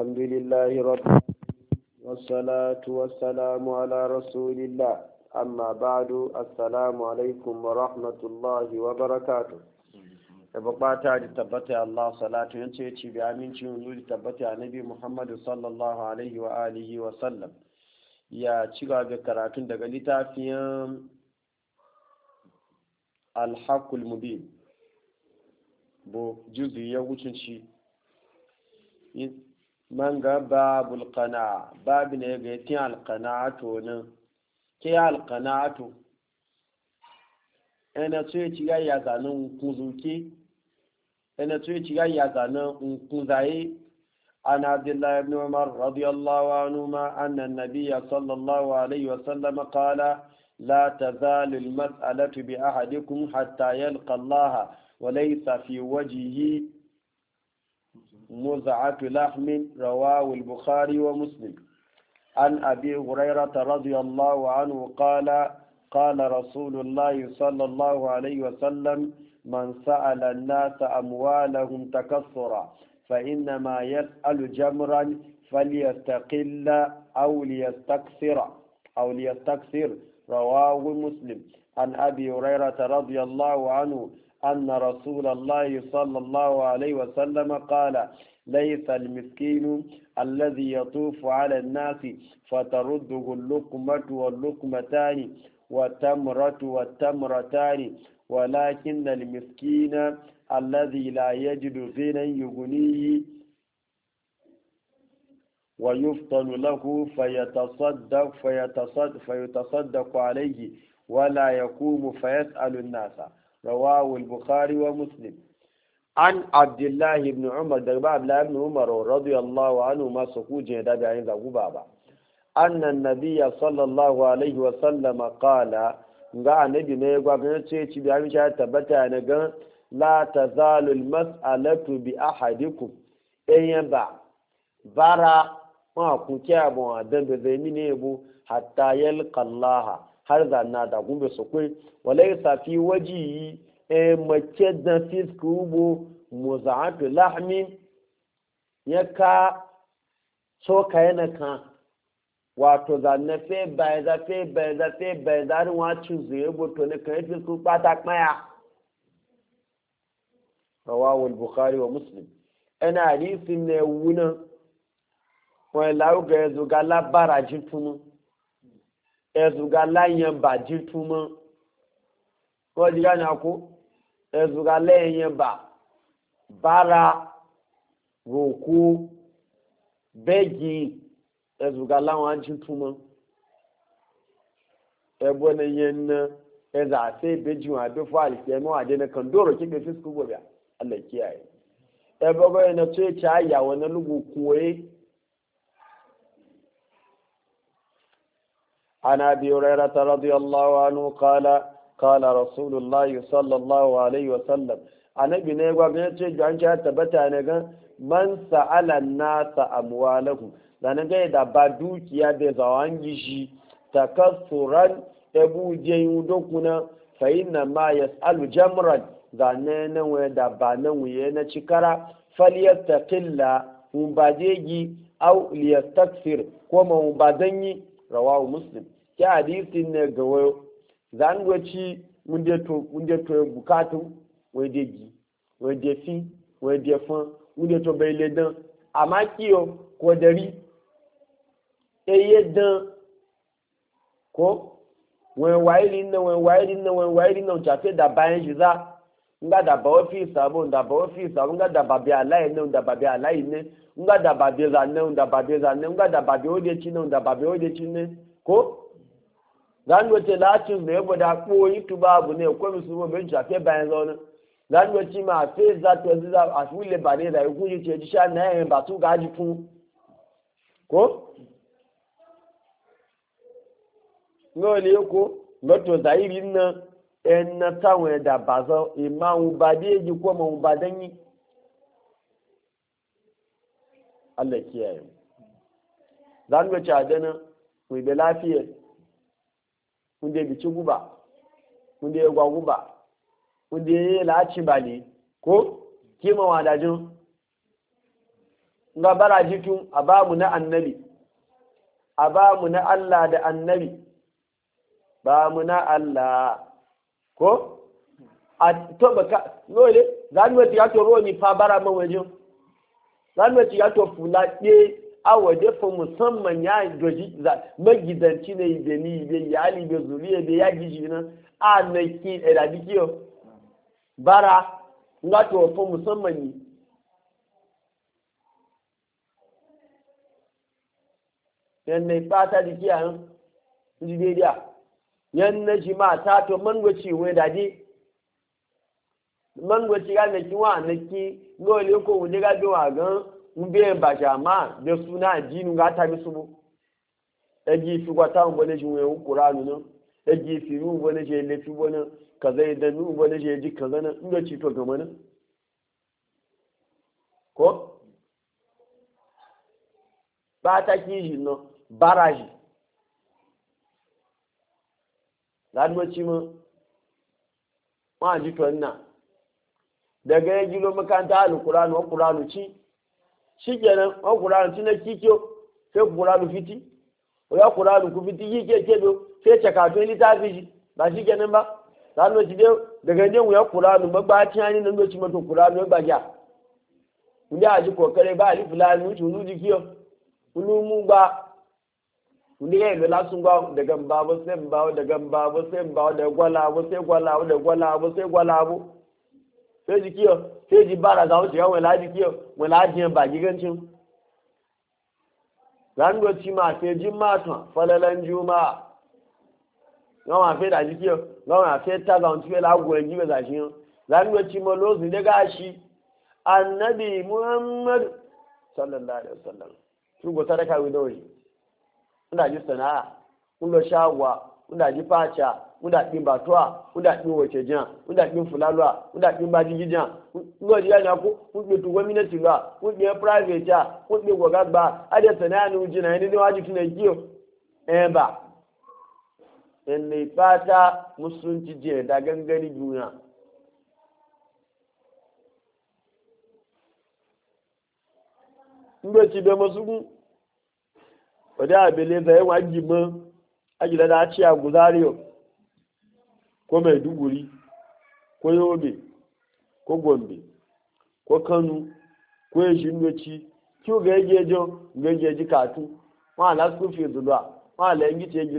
الحمد لله رب والصلاة والسلام على رسول الله أما بعد السلام عليكم ورحمة الله وبركاته da tabbata Allah salatu ya ce ci bi aminci yanzu da tabbata ya ci gaba karatun daga littafin mubin ya shi من باب babul باب نيجي ne القناعة تونا alqana'atu القناعة تو أنا ena so ci ga ya zanan kuzuki ena so ci kuzai عن عبد الله بن عمر رضي الله عنهما أن النبي صلى الله عليه وسلم قال لا تزال المسألة بأحدكم حتى يلقى الله وليس في وجهه مزعة لحم رواه البخاري ومسلم عن أبي هريرة رضي الله عنه قال قال رسول الله صلى الله عليه وسلم من سأل الناس أموالهم تكثرا فإنما يسأل جمرا فليستقل أو ليستكثر أو ليستكثر رواه مسلم عن أبي هريرة رضي الله عنه أن رسول الله صلى الله عليه وسلم قال ليس المسكين الذي يطوف على الناس فترده اللقمة واللقمتان والتمرة والتمرتان ولكن المسكين الذي لا يجد غنى يغنيه ويفطن له فيتصدق فيتصدق, فيتصدق عليه ولا يقوم فيسأل الناس رواه Bukhari wa Muslim. an الله بن عمر دغبا عبد الله بن عمر رضي الله عنه ما سكوجه دا بعين زغو بابا أن النبي صلى الله عليه وسلم قال ga annabi ne gwa ga ce ci bi amince ta tabbata na ga la tazalu al mas'alatu bi ahadikum eyan ba bara ma ku kya bon adan da zai mine hatta yalqa allaha har zanna da gumbe su kai walai safi waji yi e mace da fisku bo muza'atu lahmin ya ka so soka yana kan wato zanne fe bai za fe bai za fe bai za rin wacin zuye boto ne kan fisku bata kmaya rawahu al-bukhari wa muslim ana hadisin ne wuna wani lauga ya yanzu ga labara jin ezuga lanyan ba jituma ko ji gane ko ezuga lanyan ba bara roku begi ezuga lanwan jituma ebo na yen eza sai beji wa be fa alkiyama wa de na kan doro kike fisku gobe Allah kiyaye ebo ga na ce ta ya wani عن أبي هريرة رضي الله عنه قال قال رسول الله صلى الله عليه وسلم أنا بني وقلت عن جهة تبتانك من سأل الناس أموالهم لأن جاي بدوك يا بزوانجي تكثرا أبو جيودكنا فإنما يسأل جمرا zanene we da banan wuye na cikara falyastaqilla mun كما au rawahu muslim ke hadisin ne ga wayo zan gwaci mun de to mun to bukatu wai de gi wai de fi wai de fun mun de to bai le dan amma kiyo ko dari eye dan ko wen ni na wen ni na wen ni na ta jafe da bayan shi za nga daba ofis abu ndaba ofis abu nga daba bi alayi ne ndaba bi alayi ne nga daba bi za ne ndaba bi za ne nga daba bi ode ci ne ndaba bi ode ci ne ko zan wace lacin da ya bada koyi tuba abu ne ko musu bo bin shafe bayan zaune zan wace ma fe za ta yanzu e za a fule ba ne da e ku ce ji sha na yayin e ba su gaji fun ko ngole ko ngoto zairi nan Ena na tawe da bazo imamu ba e e dai ji ko mu ba dan yi Allah kiyaye mu zan ga ci adana mu da lafiya mun da bici guba mun da gwa guba mun da laci bali ko kima jin, ga jikin, abamu na annabi abamu na Allah da annabi ba mu na Allah ko a to baka lole zan mai ya to roni fa bara ma waje zan mai ya to fula ke a waje fa musamman ya doji za magidanci ne da ni da yali da zuriya da ya giji na a na ki e da bikiyo bara nga to fa musamman ni yan ne fata dikiya nan ji dia yan na ji ma ta to mangwaci wai dadi mangwaci ga naki wa naki ki gole ko wuje ga bi wa gan mun bi en baja ma da suna dinu ga ta bi su eji fi kwata mun bane jin wayo qur'anu nan e eji fi mu bane je le fi bane kaza e da mu bane je ji e kaza na inda ci to ga mana ko ba ta ki ji no baraji sadubaci mu ma ji tuwanna daga ya gilo makanta alkur'anu wa kur'anu ci shi kenan wa kur'anu ci na kikiyo sai ku kur'anu fiti ya kur'anu ku fiti yi ke kebe sai cakatun littafi shi ba shi kenan ba sadubaci dai daga yin wuya kur'anu ba ba ci hannun nan doci mata kur'anu ya bagya kun a ji kokare ba wuce jikiyo ba ndi ya ilo lasun ba da gamba ba sai ba da gamba ba sai ba da gwala ba sai gwala ba da gwala ba sai gwala ba sai ji kiyo sai ji bara ga wuce yawon laji kiyo laji ajiyan ba gigancin ci ma sai ji ma tun falalan juma'a wọn máa da dájú kí ọ wọn máa fẹ́ tàbí àwọn tí fẹ́ lágùn ẹjí bẹ̀ sàṣì hàn lánàá tí mo lóòsì dẹ́gà ṣí anabi muhammad sallallahu alaihi wa sallam tí gbọ́sádẹ́ka wí náà yìí. kuna ji sana'a kuna shagwa kuna ji faca kuna ɗin batuwa kuna ɗin wace jan, kuna ɗin fulaluwa kuna ɗin bajiji jan, kuna ji yana ku kun ɗin tuwa ba kun private ajiye sana'a ni ujina yadda ni waji tuna giyo ɗaya eh ba yanne fata musulunci jiya da juna Mbe wadda a beleza yawan ajiman ajiyar da a ce a guzariyo ko maiduguri ko yobe ko gombe ko kano ko yashin doci kí o ga ẹjọ́ gẹ́gẹ́ ẹjí kàtú wọn àlá skul fees lọ́à wọn àlá ala tiẹ̀ jù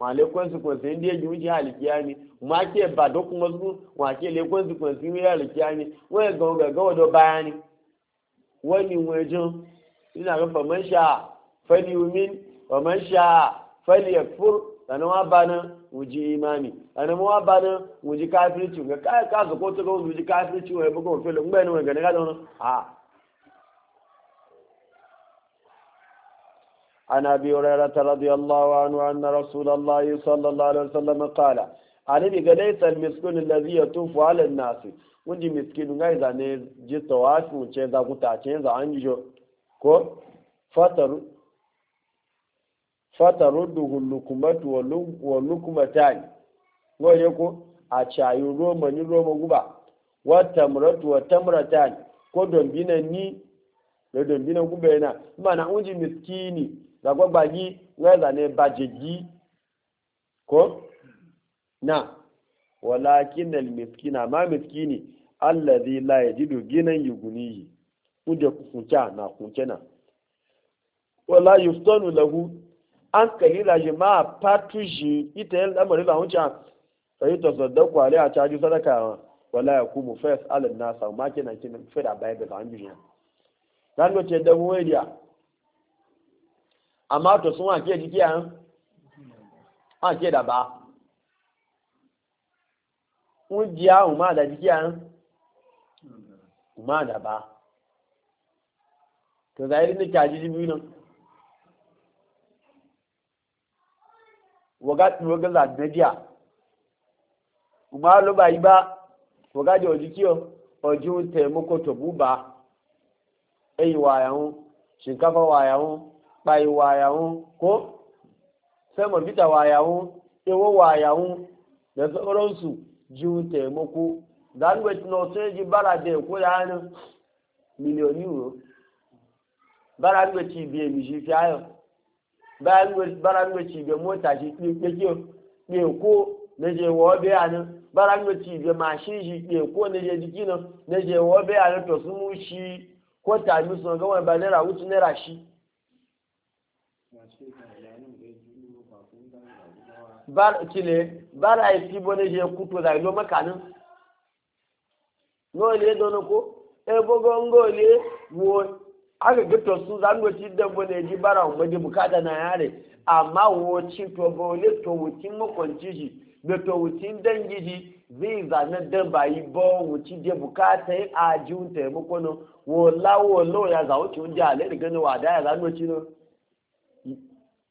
wọn lé consequence ndí èjì wíjì àlìkíá ni wọn á kí ẹ̀bà dọ́kun mọ́sùn wọn á kí lé consequence wíjì àlìkíá ni wọn ẹ̀ gan gàgán ọ̀dọ̀ báyà ni wọn ni wọn ẹjọ́ nínú àwọn fọmọ́ṣà fẹ́ni omi fọmọ́ṣà fẹ́ni ẹ̀fúr tani wọn imami tani wọn bá náà wọn jí káfíríkì wọn káàkiri àsopọ̀ tó kọ́ wọn jí wani wọn ẹ̀ bọ́kọ̀ òfin lọ ńgbẹ́ni wọn عن أبي هريرة رضي الله عنه أن رسول الله صلى الله عليه وسلم قال أنا ليس المسكين الذي يطوف على الناس wunji miskinu ngai za ne ji tawafi wuce za ku tace za an jijo ko fataru fataru duhu lukumatu wa lukumatani ngoye ko a roma ni roma guba wa tamratu wa tamratani ko dombina ni da dombina guba yana mana unji miskini zagwagba yi wai zane ba jigi ko na walakin al miskina ma miskini allazi la yajidu ginan yugunihi kuje kunca na kunce na wala yuftanu lahu an kalila shi ma patushi ita yin lamarin da hunci sai ta saddaku alai a caji sadaka wala ya kumu fes alin nasa ma kina kina fira bai da zan biyu dan wace da mu wediya Ama tó súnmọ́ àti ẹ̀dí kí à ń àti ẹ̀dàbà di àwọn máa dàbí kí à ń máa dàbà tó dáyé ní kí àjíjí bí náà wọ́gá tí wọ́gá là dẹ́díà umar ló bá yí bá wọ́gá jẹ́ ọ̀jú kí ọ tẹ̀ mọ́kọ̀tọ̀ bú bá ẹ̀yìn wàyà ń ṣìǹkáfà bai wayawu ko sai mafita wayawu ewo wayawu da sauransu jiwu taimako language na sai ji bara da ko ya hannun milioni euro bara ibi biye mishi fi ayo bara language mota shi ɗin ɗin na je wa obe hannun bara language biye shi ɗin ko na bar kile bar ai ti bone je kuto da lo makanin no le dono ko e bogo ngole wo aka gito su zango ci da bone ji bara mu je bukata na yare amma wo ci to bole to wutin makonci ji da to wutin dangi ji zai zanen dan bayi bo wuci je bukata e a jiun taimako no wo lawo lo ya zawo ci unja le gani wa da ya zango ci no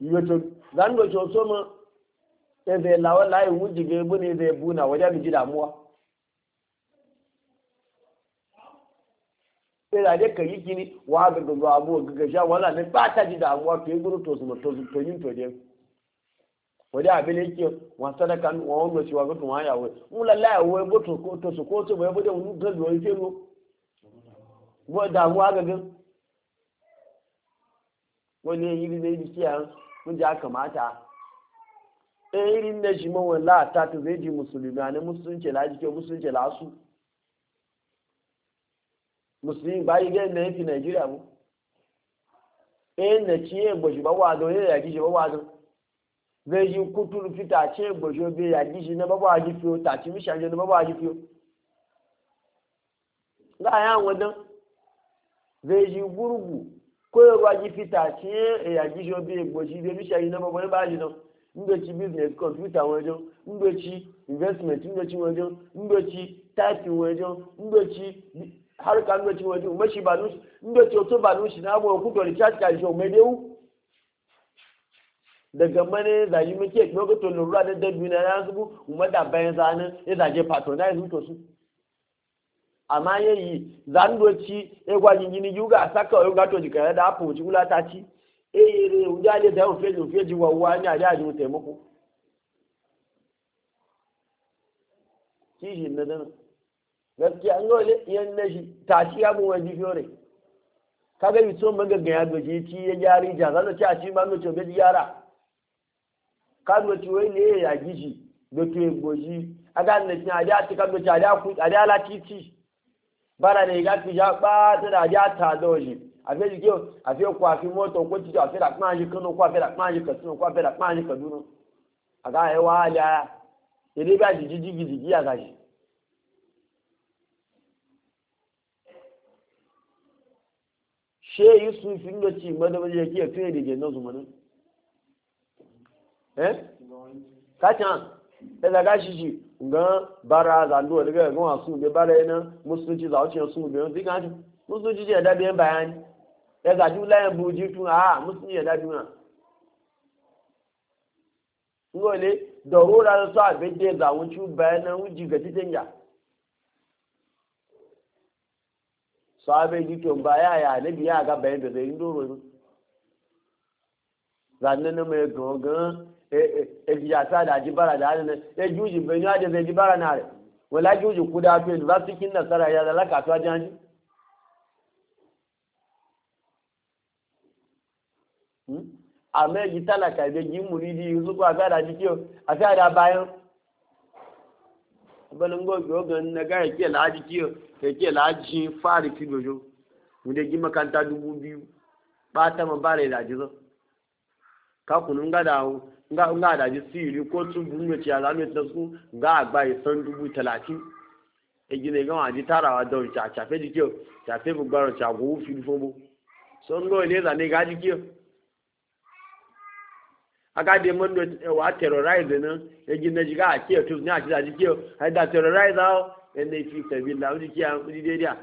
yoto zan do cho so ma e be lawa lai wuji be bu ne be bu na waje bi ji damuwa sai da dai kai kini wa ga ga abu ga ga sha wala ne ba ta ji damuwa to guru to su to to yin to dai wajen abin da yake wasa da kan wa wanda cewa ga tuma ya wai mu lallaya wai bo to ko to su ko to bai bude mu gabi wai fero bo damuwa ga gan wani yi ne yi kiyan mun ji aka mata eh, irin na shi mawan la'ata ta zai ji musulmi ne musulunci la jike musulunci la su ba yi ga na yafi najeriya mu eh na ci yin gbashi ba wazo ya yaki ba wazo zai ji kutur fita ce gbashi bai yaki shi na babawa ji fiyo ta ci mishan na babawa ji fiyo ga yan wadan zai ji gurgu koyarwa e e e ji fita ce ya ji shi obi egbo shi ibe mishayi na babban ba shi don ndoci business computer wajen ndoci investment ndoci wajen ndoci typing wajen ndoci harka ndoci wajen mashi ba nushi ndoci oto ba nushi na abuwa kuka recharge kashi o medewu daga mane zaji muke lokacin lura da dabbi na yanzu kuma da bayan zanen ya zaje patronize mutu su amma yayi zandoci e gwa jingini juga saka o gato jikare da apu jula ta ci e re ujale da ofeji ofeji wa wa ni wuta ju taimako kishi na dana gaskiya an gole yan na shi ta ci ya mu wani Ka kaga yi tsohon magaggan ya gaji ci ya gyari ja zan da ci a ci ma mace obeji yara ka mace wai ne ya gishi da ke goji a ga na ci a da ci kan ci a ku a ci bára ní ìgá ti já pátá dájá ta kwa àfẹ́jì kí o àfẹ́ kó àfi mọ́tò kó títí àfẹ́ dàpọ́n àyè kánú kó àfẹ́ dàpọ́n àyè da kó àfẹ́ dàpọ́n agaghị kàdúnú àgá ẹ̀ wá lẹ́ ara èdè bá jìjì jìgìjì jì àgàjì. ṣé fi ń lọ tí ìmọ̀ ẹ̀dọ́gbọ́n yẹ kí ẹ̀ ka ɗaga gashi shi ga bara zanduwa daga ga su bai bara yana musulunci ah, za wuce su bai zai gashi musulunci ce da bayan bayani ya gaji layin buji tun a musulunci ya dabi na ngole da rora da sa ya zawun ci ga ya sahabe gikin baya ya nabi ya ga Eh, eh, ejiyata da jibara da hannun ya eh, juji bai yawa da zai jibara na rai wala juji kuda to university kin nasara ya zala kasuwa jihanji hmm? amma yi talaka da yi muridi yanzu ko a fada jiki a fada bayan abalin gobe ogun na gaya ke lahaji kiyo ke ke lahaji fari fi dojo mu gi makanta dubu biyu ba ta mabara da jizon kakunu nga dawo nga nga da ji siri ko tun bunwe ci ala ne ta su nga agba isan dubu talatin e gine ga waji tarawa don cha cha fe dikio cha fe bu gbaro cha go fi fo bo so ngo ile da ne ga dikio aga de mon do e wa terrorize ne e ji ga ki ne a ci da dikio ai da terrorize ao e ne fi bi la dikia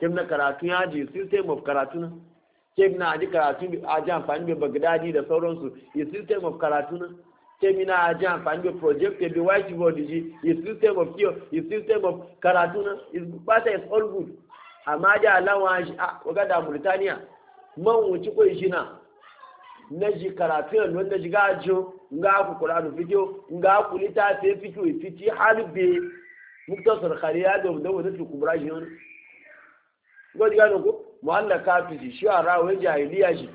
kim na karatu ya ji system of karatu na kim na aji karatu a ji amfani da bagdadi da sauransu is system of karatu na kim na aji amfani da project da whiteboard ji is system of kiyo is system mu karatu na is bata is all good amma da alawa shi a waga da Mauritania man wuci ko shi na na ji karatu na wanda ji gajo nga ku Qur'anu fijo nga ku litafi fijo fiti halbe muktasar khariya da wanda wanda kubra shi gwaji gano ku mu'allakatu shi shi a rawar jahiliya shi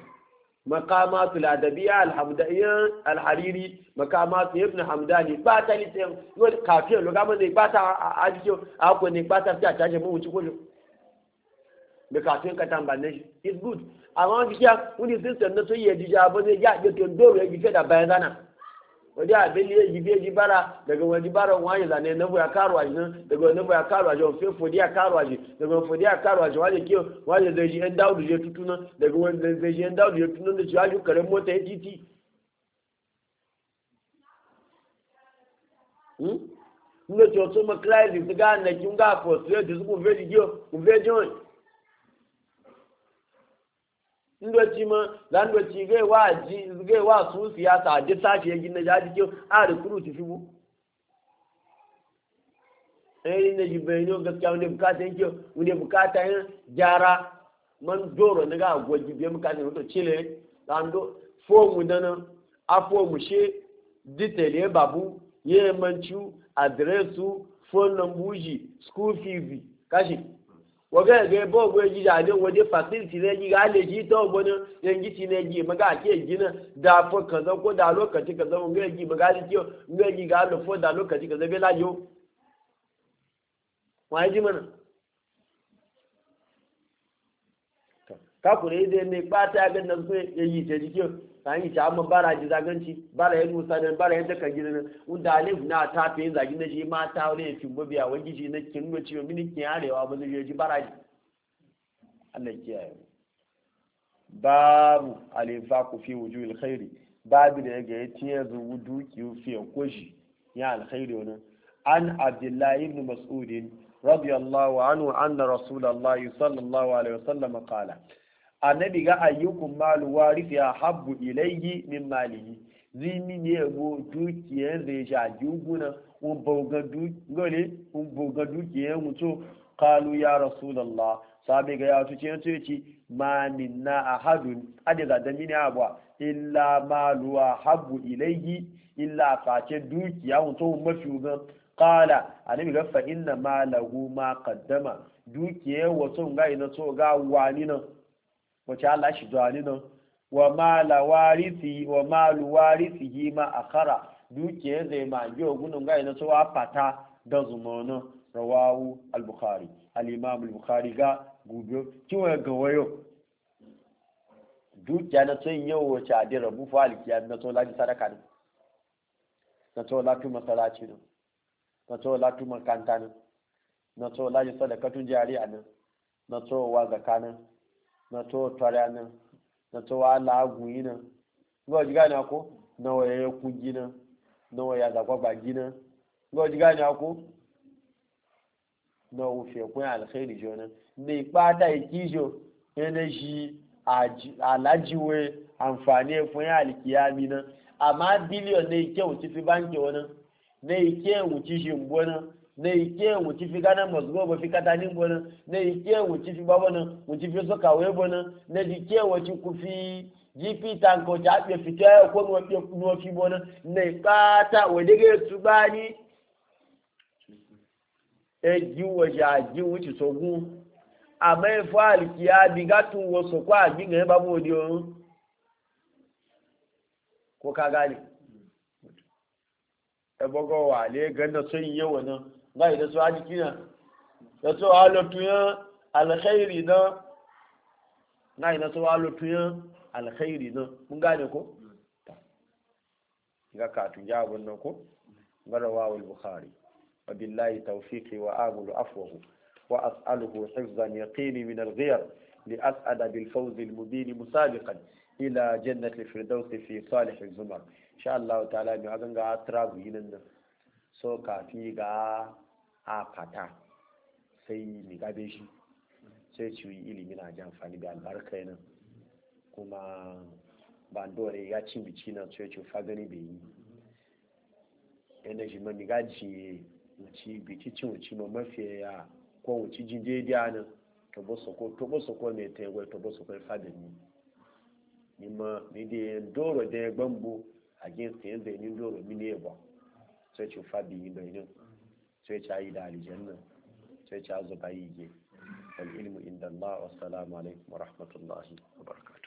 makamatu ladabiya alhamdaiyar alhariri makamatu ibn hamdani ba ta ni tsayin yau kafin lo gama ne ba ta ajiyo akwai ne ba ta fiya tashi mun da kafin ka tambanin shi it's good amma wani kiyar na soyi ya jija abin ya yi ya ke ya gife da bayan zana waje abin ya yi biya bara daga bara wani zane na buya karuwa shi nan daga wani buya karuwa shi wani fodiya karuwa shi daga wani fodiya karuwa shi wani kiyo wani zai ji yan ya daga wani zai ji yan dawudu ya tutu da wani karen mota ya titi. Nígbà tí o tún mọ kíláàsì tí gáà nà kí n gà pọ̀ sí ẹ̀ tí o tún ndoci ma za ndoci gai wa ji gai wa su siyasa a jisa shi yakin na jaji kyau a rikuru ti fi mu eh ne ji bayano gaskiya wani bukata yake wani bukata yin gyara man doro ne ga gwaji biyan bukata e, wato chile lando fomu dana a fomu she detail ya babu ya mancu adresu phone number school fees kashi waga ga bo go ji da ne waje facility ne ji ga le ji to bo ne yan ji ti ne ji maga ke gina da kaza ko da lokaci kaza mun ga ji maga ji yo ga ji ga lo fo da lokaci kaza be la yo wa ji mana ka ku ne ne ba ta ga nan so yayi ta ji yo yi ta amma ra ji zaganci ra yin musa da yadda kan gina gidan da alif na ta fi yin zagi na shi ma ta wani ya fi mabiya wani gishi na kin nuna cewa mini kin yarewa ba zai ji ra ji Allah kiyaye babu ku fi wujuhil khairi babu da yaga ya tiye zuwu dukiyu fi koshi ya alkhairi wani an abdullahi ibn mas'udin radiyallahu anhu anna rasulullahi sallallahu alaihi wasallam qala annabi ga ayyukun malu warith a habbu ilayhi min malihi zini ne go dukiyar da ya juguna guna un boga dukiyar mutu kalu ya rasulallah sabi ga ya su ce ce ci ma a hadu adiza da mini abuwa illa malu habbu ilayhi illa face dukiya mutu mafi ugan kala annabi ga fa'in na malagu ma kaddama dukiyar wasu ga ina so ga wani nan wace Allah shi zuwani nan wa mala warisi wa malu warisi yi ma a kara dukiyar zai ma biyo gunun gai na tsawa fata da zumanu rawawu al-bukhari al-imam al-bukhari ga gobe kiwa ga wayo dukiya na tsoyin yau wace a dira bufa alikiya na tsola ji sadaka ne na tsola fi masalaci ne na tsola fi makanta ne na tsola sadaka tun jari a nan na wa zakanin na to tare nan na to wala agunyi nan ngo ji gani ako na waye ku gina na waye da kwagba gina ngo ji gani e ako na wo fe ku alkhairi jona ne ipata ikijo energy alajiwe àǹfààní fún yá àlìkìyàmí náà àmá bílíọ̀nù ní ìkéhùn ti fi báńkì wọn náà ní ìkéhùn ti ṣe ń gbọ́ náà na ike wuci fi gana mazgo ba fi katani bona na ike wuci fi babona wuci fi so kawe bona na dike wuci ku fi gp tanko ja be fita ya ko no be no fi e bona na kata we dege tubani e ji wo ja ji wuci sogun ame fo alikia bi gatun wo so kwa bi ngai ba mo di orun ko ka gani e bogo wa le ganna so yi yewo gáyì yi tó ájí kíyàn tó tó wá lọ tuyán alkhairi náà Na yi tó wá lọ tuyán alkhairi náà mun gane ko ga katun ya abun nan ko garawa wal bukhari wa billahi tawfiqi wa aqulu afwahu wa as'aluhu hifzan yaqini min al ghayr li as'ada bil fawz al-mubin musabiqan ila jannati al-firdaus fi salih al-zumar insha Allah ta'ala mi hagan ga atrabu yinan nan so kafi ga apata fata sai mi gabe shi sai ilimi na ji amfani da albarka yana kuma bandore ya cin bici na sai ci fagani bai yi shi ma mi gaji wuci cin wuci ma mafiya ya ko wuci jin daidai na tobo soko tobo soko ne ta yagwai tobo soko ya fada ni ni ma ni da doro da ya gbambo a ya doro ya sai ce fabi bainin sai ce ayi da aljanna sai ce azuba yi ge wal ilmu inda Allah wassalamu alaikum wa rahmatullahi wa barakatuh